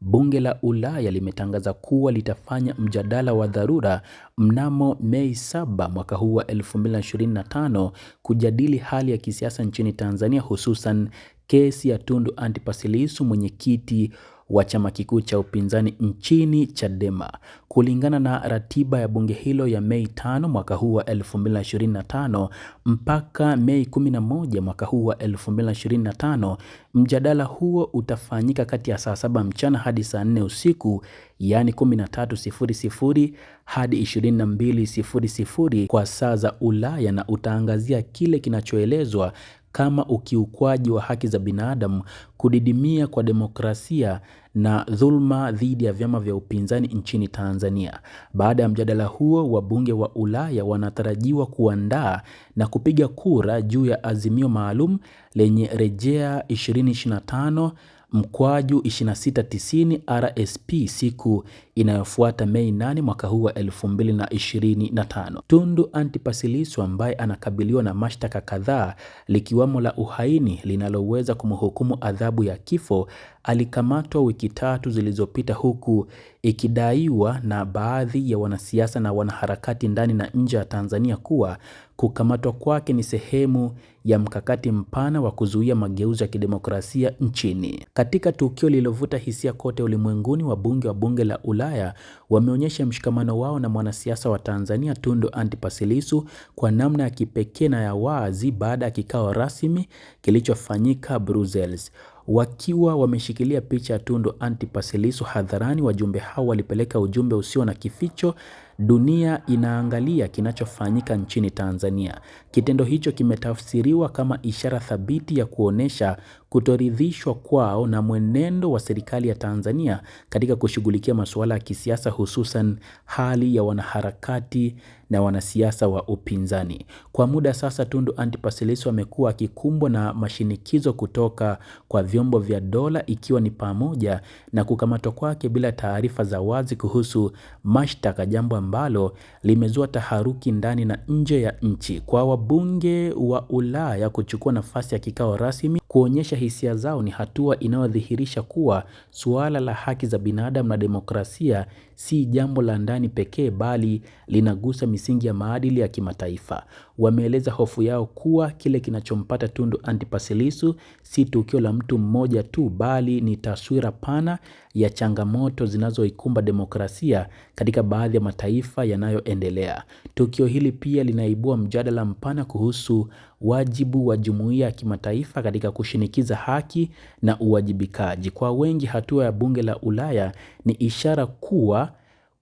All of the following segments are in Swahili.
bunge la Ulaya limetangaza kuwa litafanya mjadala wa dharura mnamo Mei 7 mwaka huu wa 2025 kujadili hali ya kisiasa nchini Tanzania, hususan kesi ya Tundu Antipas Lissu, mwenyekiti wa chama kikuu cha upinzani nchini Chadema. Kulingana na ratiba ya bunge hilo ya Mei 5 mwaka huu wa 2025 mpaka Mei 11 mwaka huu wa 2025, mjadala huo utafanyika kati ya saa saba mchana hadi saa nne usiku, yani 13:00 hadi 22:00 kwa saa za Ulaya na utaangazia kile kinachoelezwa kama ukiukwaji wa haki za binadamu, kudidimia kwa demokrasia na dhuluma dhidi ya vyama vya upinzani nchini Tanzania. Baada ya mjadala huo, wabunge wa Ulaya wanatarajiwa kuandaa na kupiga kura juu ya azimio maalum lenye rejea 2025 mkwaju 2690 RSP siku inayofuata Mei 8 mwaka huu wa 2025. Tundu Antipas Lissu ambaye anakabiliwa na mashtaka kadhaa likiwamo la uhaini linaloweza kumhukumu adhabu ya kifo alikamatwa wiki tatu zilizopita huku ikidaiwa na baadhi ya wanasiasa na wanaharakati ndani na nje ya Tanzania kuwa kukamatwa kwake ni sehemu ya mkakati mpana wa kuzuia mageuzi ya kidemokrasia nchini. Katika tukio lililovuta hisia kote ulimwenguni, wabunge wa bunge la Ulaya wameonyesha mshikamano wao na mwanasiasa wa Tanzania Tundu Antipas Lissu kwa namna ya kipekee na ya wazi baada ya kikao rasmi kilichofanyika Brussels. Wakiwa wameshikilia picha ya Tundu Antipas Lissu hadharani, wajumbe hao walipeleka ujumbe usio na kificho dunia inaangalia kinachofanyika nchini Tanzania. Kitendo hicho kimetafsiriwa kama ishara thabiti ya kuonesha kutoridhishwa kwao na mwenendo wa serikali ya Tanzania katika kushughulikia masuala ya kisiasa, hususan hali ya wanaharakati na wanasiasa wa upinzani. Kwa muda sasa, Tundu Antipas Lissu amekuwa akikumbwa na mashinikizo kutoka kwa vyombo vya dola, ikiwa ni pamoja na kukamatwa kwake bila taarifa za wazi kuhusu mashtaka, jambo ambalo limezua taharuki ndani na nje ya nchi. Kwa wabunge wa Ulaya kuchukua nafasi ya kikao rasmi Kuonyesha hisia zao ni hatua inayodhihirisha kuwa suala la haki za binadamu na demokrasia si jambo la ndani pekee bali linagusa misingi ya maadili ya kimataifa wameeleza hofu yao kuwa kile kinachompata Tundu Antipas Lissu si tukio la mtu mmoja tu, bali ni taswira pana ya changamoto zinazoikumba demokrasia katika baadhi ya mataifa yanayoendelea. Tukio hili pia linaibua mjadala mpana kuhusu wajibu wa jumuiya ya kimataifa katika kushinikiza haki na uwajibikaji. Kwa wengi, hatua ya bunge la Ulaya ni ishara kuwa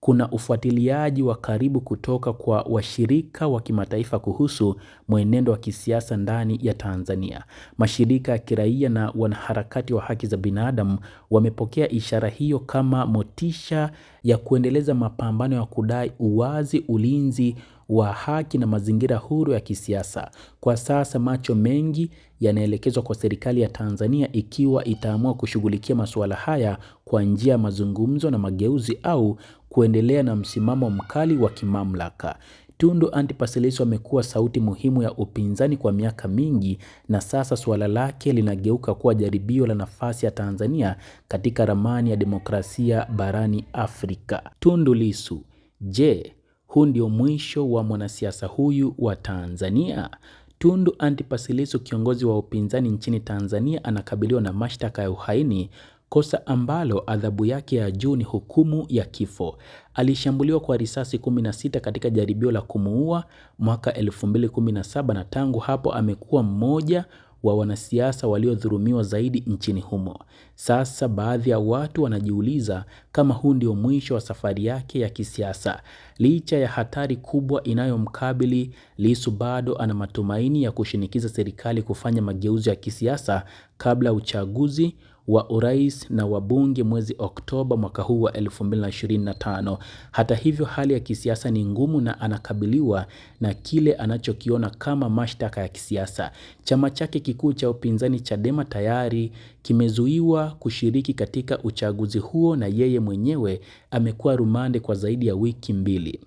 kuna ufuatiliaji wa karibu kutoka kwa washirika wa kimataifa kuhusu mwenendo wa kisiasa ndani ya Tanzania. Mashirika ya kiraia na wanaharakati wa haki za binadamu wamepokea ishara hiyo kama motisha ya kuendeleza mapambano ya kudai uwazi, ulinzi wa haki na mazingira huru ya kisiasa. Kwa sasa macho mengi yanaelekezwa kwa serikali ya Tanzania ikiwa itaamua kushughulikia masuala haya kwa njia ya mazungumzo na mageuzi au kuendelea na msimamo mkali wa kimamlaka. Tundu Antipas Lissu amekuwa sauti muhimu ya upinzani kwa miaka mingi na sasa suala lake linageuka kuwa jaribio la nafasi ya Tanzania katika ramani ya demokrasia barani Afrika. Tundu Lissu, je, huu ndio mwisho wa mwanasiasa huyu wa Tanzania? Tundu Antipas Lissu, kiongozi wa upinzani nchini Tanzania, anakabiliwa na mashtaka ya uhaini kosa ambalo adhabu yake ya juu ni hukumu ya kifo. Alishambuliwa kwa risasi 16 katika jaribio la kumuua mwaka 2017 na tangu hapo amekuwa mmoja wa wanasiasa waliodhulumiwa zaidi nchini humo. Sasa baadhi ya watu wanajiuliza kama huu ndio mwisho wa safari yake ya kisiasa. Licha ya hatari kubwa inayomkabili, Lissu bado ana matumaini ya kushinikiza serikali kufanya mageuzi ya kisiasa kabla uchaguzi wa urais na wabunge mwezi Oktoba mwaka huu wa 2025. Hata hivyo, hali ya kisiasa ni ngumu na anakabiliwa na kile anachokiona kama mashtaka ya kisiasa. Chama chake kikuu cha upinzani Chadema tayari kimezuiwa kushiriki katika uchaguzi huo na yeye mwenyewe amekuwa rumande kwa zaidi ya wiki mbili.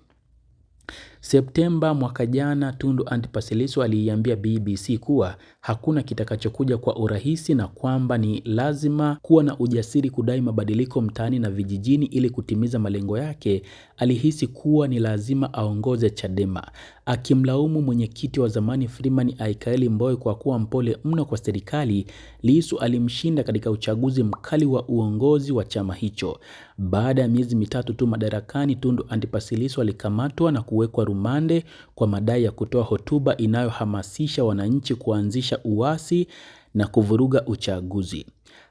Septemba mwaka jana, Tundu Antipas Lissu aliiambia BBC kuwa hakuna kitakachokuja kwa urahisi na kwamba ni lazima kuwa na ujasiri kudai mabadiliko mtaani na vijijini ili kutimiza malengo yake. Alihisi kuwa ni lazima aongoze Chadema, akimlaumu mwenyekiti wa zamani Freeman Aikaeli Mbowe kwa kuwa mpole mno kwa serikali. Lissu alimshinda katika uchaguzi mkali wa uongozi wa chama hicho. Baada ya miezi mitatu tu madarakani, Tundu Antipas Lissu alikamatwa na kuwekwa rumande kwa madai ya kutoa hotuba inayohamasisha wananchi kuanzisha uasi na kuvuruga uchaguzi.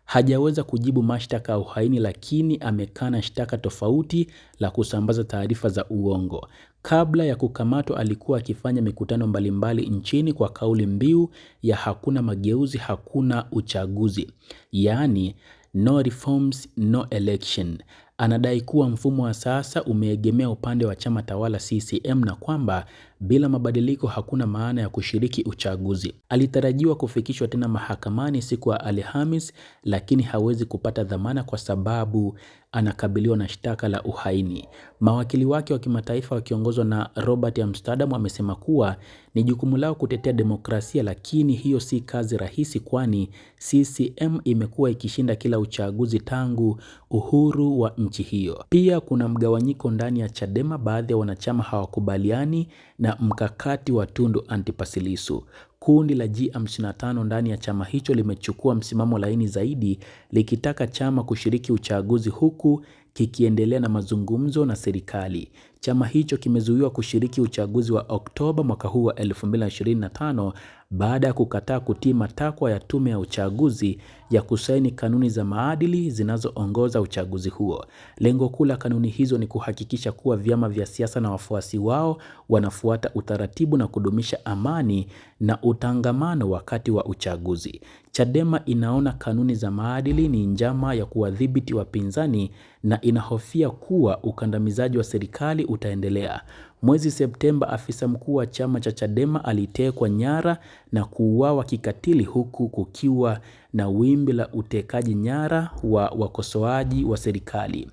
Hajaweza kujibu mashtaka ya uhaini lakini amekana shtaka tofauti la kusambaza taarifa za uongo. Kabla ya kukamatwa alikuwa akifanya mikutano mbalimbali nchini kwa kauli mbiu ya hakuna mageuzi, hakuna uchaguzi, yaani no reforms, no election. Anadai kuwa mfumo wa sasa umeegemea upande wa chama tawala CCM na kwamba bila mabadiliko hakuna maana ya kushiriki uchaguzi. Alitarajiwa kufikishwa tena mahakamani siku ya Alhamis, lakini hawezi kupata dhamana kwa sababu anakabiliwa na shtaka la uhaini. Mawakili wake wa kimataifa wakiongozwa na Robert Amsterdam wamesema kuwa ni jukumu lao kutetea demokrasia, lakini hiyo si kazi rahisi, kwani CCM imekuwa ikishinda kila uchaguzi tangu uhuru wa nchi hiyo. Pia kuna mgawanyiko ndani ya Chadema, baadhi ya wanachama hawakubaliani na na mkakati wa Tundu Antipas Lissu. Kundi la G55 ndani ya chama hicho limechukua msimamo laini zaidi likitaka chama kushiriki uchaguzi huku kikiendelea na mazungumzo na serikali. Chama hicho kimezuiwa kushiriki uchaguzi wa Oktoba mwaka huu wa 2025 baada ya kukataa kutii matakwa ya tume ya uchaguzi ya kusaini kanuni za maadili zinazoongoza uchaguzi huo. Lengo kuu la kanuni hizo ni kuhakikisha kuwa vyama vya siasa na wafuasi wao wanafuata utaratibu na kudumisha amani na utangamano wakati wa uchaguzi. Chadema inaona kanuni za maadili ni njama ya kuwadhibiti wapinzani na inahofia kuwa ukandamizaji wa serikali utaendelea. Mwezi Septemba, afisa mkuu wa chama cha Chadema alitekwa nyara na kuuawa kikatili huku kukiwa na wimbi la utekaji nyara wa wakosoaji wa serikali.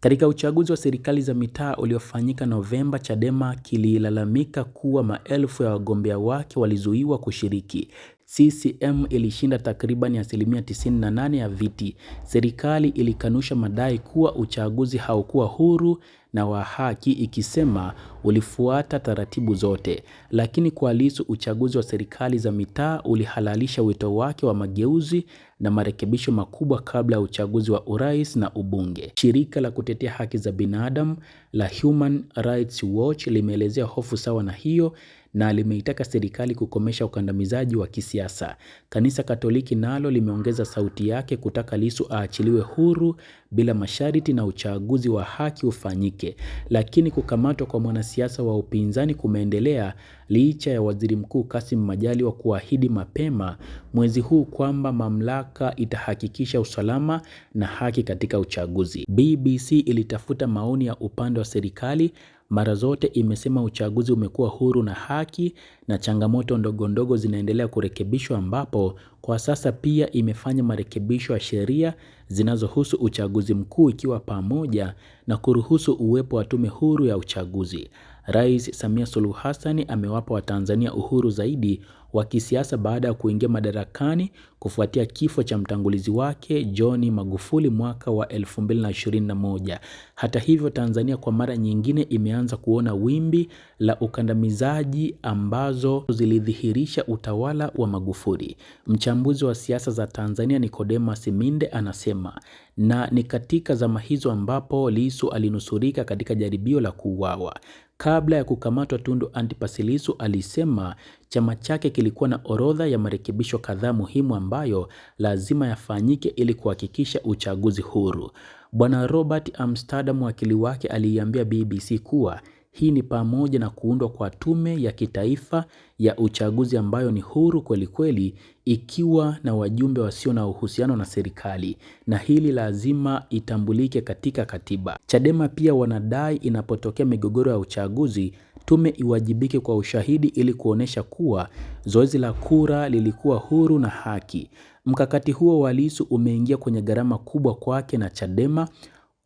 Katika uchaguzi wa serikali za mitaa uliofanyika Novemba, Chadema kililalamika kuwa maelfu ya wagombea wake walizuiwa kushiriki. CCM ilishinda takriban asilimia 98 ya viti. Serikali ilikanusha madai kuwa uchaguzi haukuwa huru na wa haki ikisema ulifuata taratibu zote. Lakini kwa Lissu, uchaguzi wa serikali za mitaa ulihalalisha wito wake wa mageuzi na marekebisho makubwa kabla ya uchaguzi wa urais na ubunge. Shirika la kutetea haki za binadamu la Human Rights Watch limeelezea hofu sawa na hiyo na limeitaka serikali kukomesha ukandamizaji wa kisiasa. Kanisa Katoliki nalo limeongeza sauti yake kutaka lisu aachiliwe huru bila masharti na uchaguzi wa haki ufanyike. Lakini kukamatwa kwa mwanasiasa wa upinzani kumeendelea licha ya Waziri Mkuu Kassim Majaliwa kuahidi mapema mwezi huu kwamba mamlaka itahakikisha usalama na haki katika uchaguzi. BBC ilitafuta maoni ya upande wa serikali mara zote imesema uchaguzi umekuwa huru na haki na changamoto ndogo ndogo zinaendelea kurekebishwa ambapo kwa sasa pia imefanya marekebisho ya sheria zinazohusu uchaguzi mkuu ikiwa pamoja na kuruhusu uwepo wa tume huru ya uchaguzi Rais Samia Suluhu Hassan amewapa Watanzania uhuru zaidi wa kisiasa baada ya kuingia madarakani kufuatia kifo cha mtangulizi wake John Magufuli mwaka wa 2021. Hata hivyo, Tanzania kwa mara nyingine imeanza kuona wimbi la ukandamizaji ambazo zilidhihirisha utawala wa Magufuli. Mchambuzi wa siasa za Tanzania Nikodema Siminde anasema, na ni katika zama hizo ambapo Lissu alinusurika katika jaribio la kuuawa. Kabla ya kukamatwa, Tundu Antipas Lissu alisema chama chake kilikuwa na orodha ya marekebisho kadhaa muhimu ambayo lazima yafanyike ili kuhakikisha uchaguzi huru. Bwana Robert Amsterdam wakili wake aliiambia BBC kuwa hii ni pamoja na kuundwa kwa tume ya kitaifa ya uchaguzi ambayo ni huru kwelikweli ikiwa na wajumbe wasio na uhusiano na serikali na hili lazima itambulike katika katiba. Chadema pia wanadai inapotokea migogoro ya uchaguzi tume iwajibike kwa ushahidi ili kuonesha kuwa zoezi la kura lilikuwa huru na haki. Mkakati huo wa Lissu umeingia kwenye gharama kubwa kwake na Chadema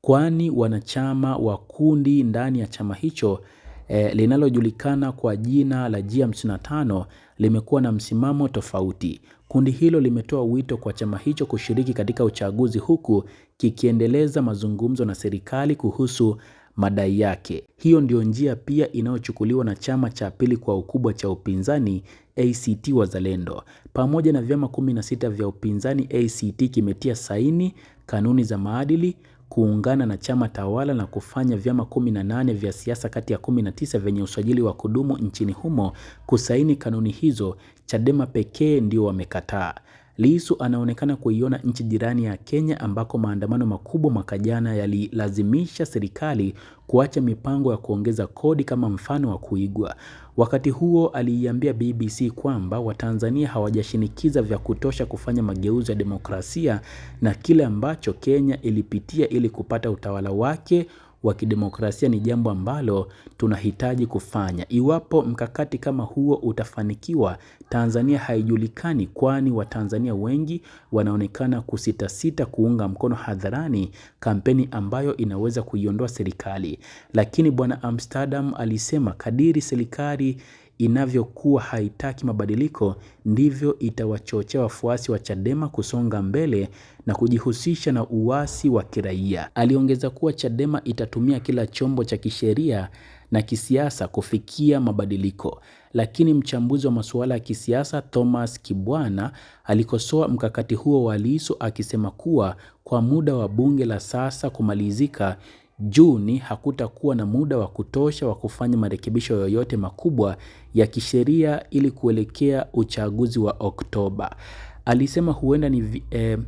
kwani wanachama wa kundi ndani ya chama hicho e, linalojulikana kwa jina la G55 limekuwa na msimamo tofauti. Kundi hilo limetoa wito kwa chama hicho kushiriki katika uchaguzi huku kikiendeleza mazungumzo na serikali kuhusu madai yake. Hiyo ndio njia pia inayochukuliwa na chama cha pili kwa ukubwa cha upinzani ACT Wazalendo. Pamoja na vyama 16 vya upinzani, ACT kimetia saini kanuni za maadili kuungana na chama tawala na kufanya vyama 18 vya siasa kati ya 19 vyenye usajili wa kudumu nchini humo kusaini kanuni hizo, Chadema pekee ndio wamekataa. Lissu anaonekana kuiona nchi jirani ya Kenya ambako maandamano makubwa mwaka jana yalilazimisha serikali kuacha mipango ya kuongeza kodi kama mfano wa kuigwa. Wakati huo aliiambia BBC kwamba Watanzania hawajashinikiza vya kutosha kufanya mageuzi ya demokrasia na kile ambacho Kenya ilipitia ili kupata utawala wake wa kidemokrasia ni jambo ambalo tunahitaji kufanya. Iwapo mkakati kama huo utafanikiwa, Tanzania haijulikani, kwani Watanzania wengi wanaonekana kusitasita kuunga mkono hadharani kampeni ambayo inaweza kuiondoa serikali. Lakini Bwana Amsterdam alisema kadiri serikali inavyokuwa haitaki mabadiliko ndivyo itawachochea wafuasi wa Chadema kusonga mbele na kujihusisha na uasi wa kiraia. Aliongeza kuwa Chadema itatumia kila chombo cha kisheria na kisiasa kufikia mabadiliko. Lakini mchambuzi wa masuala ya kisiasa Thomas Kibwana alikosoa mkakati huo wa Lissu akisema kuwa kwa muda wa bunge la sasa kumalizika Juni hakutakuwa na muda wa kutosha wa kufanya marekebisho yoyote makubwa ya kisheria ili kuelekea uchaguzi wa Oktoba. Alisema huenda ni eh,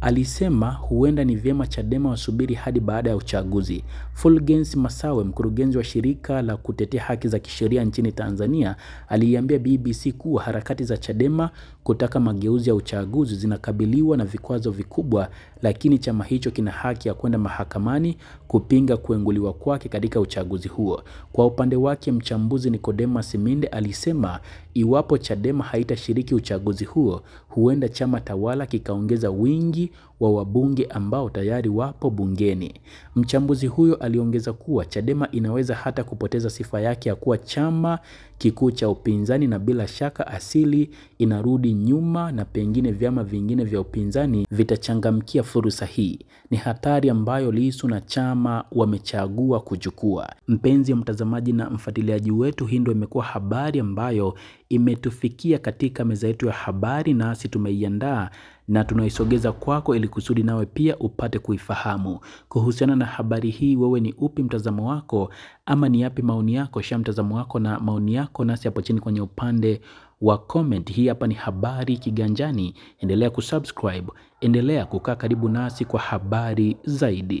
alisema huenda ni vyema Chadema wasubiri hadi baada ya uchaguzi. Fulgens Masawe, mkurugenzi wa shirika la kutetea haki za kisheria nchini Tanzania, aliiambia BBC kuwa harakati za Chadema kutaka mageuzi ya uchaguzi zinakabiliwa na vikwazo vikubwa lakini chama hicho kina haki ya kwenda mahakamani kupinga kuenguliwa kwake katika uchaguzi huo. Kwa upande wake, mchambuzi Nicodemus Minde alisema iwapo Chadema haitashiriki uchaguzi huo, huenda chama tawala kikaongeza wingi wa wabunge ambao tayari wapo bungeni. Mchambuzi huyo aliongeza kuwa Chadema inaweza hata kupoteza sifa yake ya kuwa chama kikuu cha upinzani na bila shaka asili inarudi nyuma na pengine vyama vingine vya upinzani vitachangamkia fursa hii. Ni hatari ambayo Lissu na chama wamechagua kuchukua. Mpenzi mtazamaji na mfuatiliaji wetu, hii ndio imekuwa habari ambayo imetufikia katika meza yetu ya habari, nasi tumeiandaa na tunaisogeza kwako ili kusudi nawe pia upate kuifahamu. Kuhusiana na habari hii, wewe ni upi mtazamo wako ama ni yapi maoni yako? sha mtazamo wako na maoni yako nasi hapo chini kwenye upande wa comment. Hii hapa ni Habari Kiganjani. Endelea kusubscribe, endelea kukaa karibu nasi kwa habari zaidi.